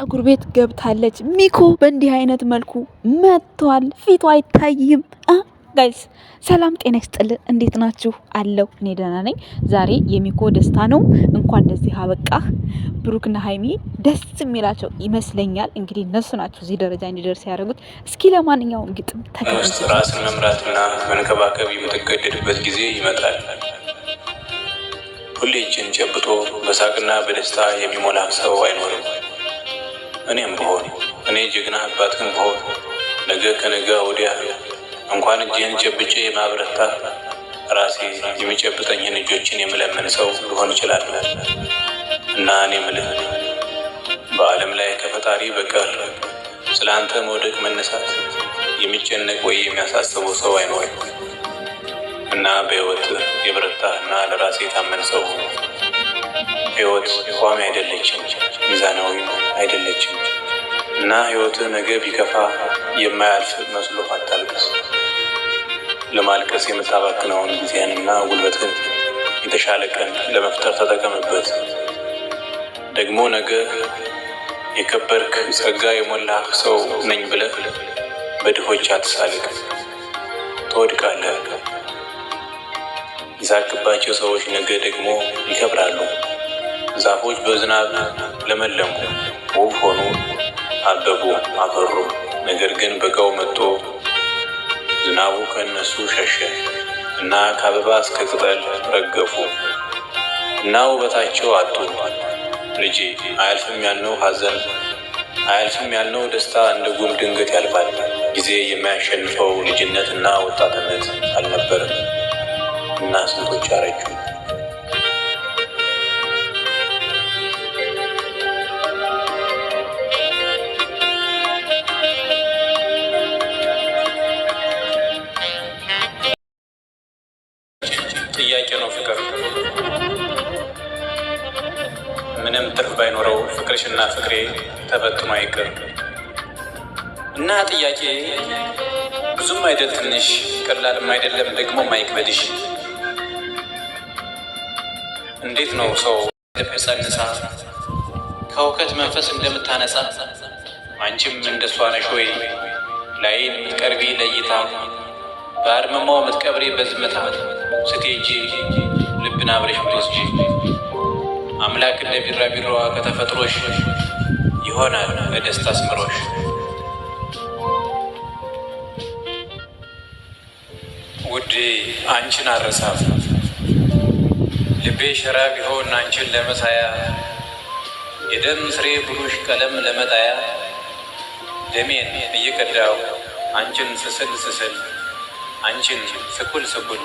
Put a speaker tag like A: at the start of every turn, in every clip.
A: ጸጉር ቤት ገብታለች። ሚኮ በእንዲህ አይነት መልኩ መጥቷል። ፊቱ አይታይም። ጋይስ ሰላም ጤና ይስጥልን። እንዴት ናችሁ? አለው እኔ ደህና ነኝ። ዛሬ የሚኮ ደስታ ነው። እንኳን ለዚህ አበቃህ። ብሩክና ሀይሚ ደስ የሚላቸው ይመስለኛል። እንግዲህ እነሱ ናቸው እዚህ ደረጃ እንዲደርስ ያደረጉት። እስኪ ለማንኛውም ግጥም
B: ተውስጥ ራስን መምራትና መንከባከብ የምትገደድበት ጊዜ ይመጣል። ሁሌ እጅን ጨብጦ በሳቅና በደስታ የሚሞላ ሰው አይኖርም። እኔም ብሆን እኔ ጀግና አባትን ብሆን ነገ ከነገ ወዲያ እንኳን እጅህን ጨብጬ የማብረታ ራሴ የሚጨብጠኝን እጆችን የምለምን ሰው ልሆን እችላለሁ። እና እኔ ምልህ በዓለም ላይ ከፈጣሪ በቀር ስለ አንተ መውደቅ መነሳት የሚጨነቅ ወይ የሚያሳስበው ሰው አይኖርም። እና በሕይወት የብረታህና ለራሴ የታመን ሰው ህይወት ቋሚ አይደለችም፣ ሚዛናዊ አይደለችም እና ህይወት ነገ ቢከፋ የማያልፍ መስሎ አታልቅስ። ለማልቀስ የምታባክነውን ጊዜህንና ጉልበትን የተሻለ ቀን ለመፍጠር ተጠቀምበት። ደግሞ ነገ የከበርክ ጸጋ የሞላህ ሰው ነኝ ብለህ በድሆች አትሳልቅ፣ ትወድቃለህ። የሳቅባቸው ሰዎች ነገ ደግሞ ይከብራሉ። ዛፎች በዝናብ ለመለሙ፣ ውብ ሆኑ፣ አበቡ፣ አፈሩ። ነገር ግን በጋው መጥቶ ዝናቡ ከእነሱ ሸሸ እና ከአበባ እስከ ቅጠል ረገፉ እና ውበታቸው አጡ። ልጄ አያልፍም ያልነው ሐዘን አያልፍም ያልነው ደስታ እንደ ጉም ድንገት ያልፋል። ጊዜ የሚያሸንፈው እና ወጣትነት አልነበርም እና ስንቶች አረጁ። ጥያቄ ነው ፍቅር። ምንም ትርፍ ባይኖረው ፍቅርሽና ፍቅሬ ተበትኖ አይቀር እና ጥያቄ ብዙም አይደል ትንሽ፣ ቀላልም አይደለም ደግሞ ማይክበድሽ። እንዴት ነው ሰው ልብጸንሳ ከውከት መንፈስ እንደምታነጻ አንቺም እንደሷ ነሽ ወይ ላይን ቀርቢ ለይታ በአድመማው ዓመት ቀብሬ በዝመት ዓመት ስቴጂ ልብን አብሬሽ ምትወስጂ አምላክ እንደ ቢራቢሮዋ ከተፈጥሮሽ ይሆናል በደስታ አስምሮሽ። ውዴ አንቺን አረሳፍ ልቤ ሸራ ቢሆን አንቺን ለመሳያ የደም ስሬ ብሩሽ ቀለም ለመጣያ ደሜን እየቀዳው አንቺን ስስል ስስል አንቺን ስኩል ስኩል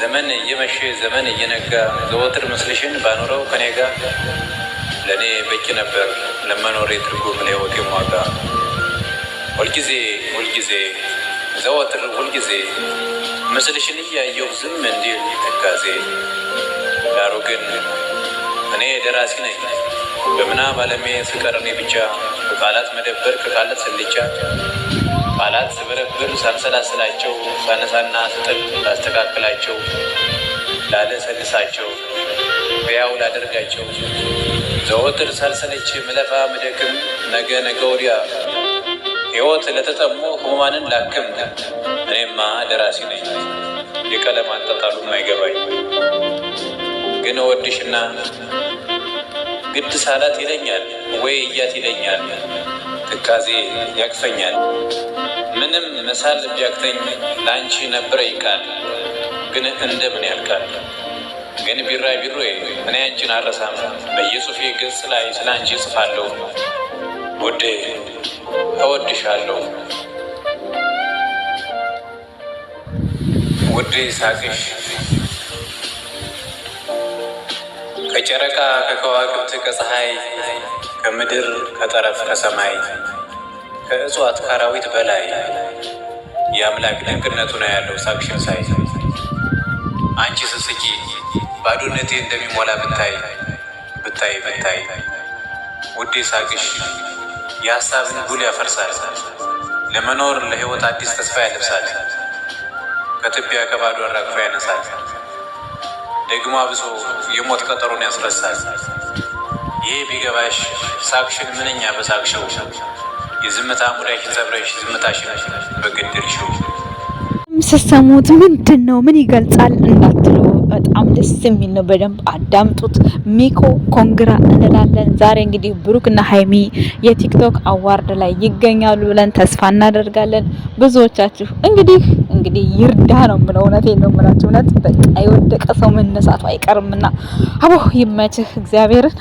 B: ዘመን እየመሸ ዘመን እየነጋ ዘወትር ምስልሽን ባኖረው ከኔ ጋር ለእኔ በቂ ነበር ለመኖሬ ትርጉም ለሕይወቴ ዋጋ። ሁልጊዜ ሁልጊዜ ዘወትር ሁልጊዜ ምስልሽን እያየው ዝም እንዲል ትካዜ። ዳሩ ግን እኔ ደራሲ ነኝ በምናብ አለሜ ስቀርኔ ብቻ ከቃላት መደበር ከቃላት ስልቻ ቃላት ስበረብር ሳልሰላስላቸው ሳነሳና ስጥል ላስተካክላቸው ላለሰልሳቸው ሕያው ላደርጋቸው ዘወትር ሳልሰለች ምለፋ ምደክም ነገ ነገ ወዲያ ሕይወት ለተጠሙ ሕሙማንን ላክም እኔማ ደራሲ ነኝ የቀለም አጣጣሉም አይገባኝ ግን ወድሽና ግድ ሳላት ይለኛል ወይ እያት ይለኛል። ትካዜ ያቅፈኛል ምንም መሳል ቢያቅተኝ ለአንቺ ነበረ ይቃል ግን ምን ያልቃል ግን ቢራ ቢሮ እኔ አንቺን አረሳም በየጽፍ ገጽ ላይ ስለ አንቺ ጽፋለሁ ውዴ እወድሻለሁ ውዴ ሳቅሽ ከጨረቃ ከከዋክብት ከፀሐይ ከምድር ከጠረፍ ከሰማይ ከእጽዋት ከአራዊት በላይ የአምላክ ድንቅነቱ ነው ያለው ሳክሽን ሳይ አንቺ ስስቂ ባዶነቴ እንደሚሞላ ብታይ ብታይ ብታይ ውዴ ሳቅሽ የሀሳብን ጉል ያፈርሳል፣ ለመኖር ለህይወት አዲስ ተስፋ ያለብሳል፣ ከትቢያ ከባዶ አራግፎ ያነሳል። ደግሞ አብሶ የሞት ቀጠሮን ያስረሳል። ይህ ቢገባሽ ሳቅሽን ምንኛ በሳቅሸው የዝምታ ሙዳሽን ሰብረሽ ዝምታሽን በገደልሽው።
A: ስሰሙት ምንድን ነው ምን ይገልጻል እንዳትሉ በጣም ደስ የሚል ነው። በደንብ አዳምጡት። ሚኮ ኮንግራ እንላለን። ዛሬ እንግዲህ ብሩክና ሀይሚ የቲክቶክ አዋርድ ላይ ይገኛሉ ብለን ተስፋ እናደርጋለን። ብዙዎቻችሁ እንግዲህ እንግዲህ ይርዳ ነው የምለው። እውነቴን ነው የምላችሁ። እውነት በቃ የወደቀ ሰው መነሳቱ አይቀርምና አቦ ይመችህ እግዚአብሔርን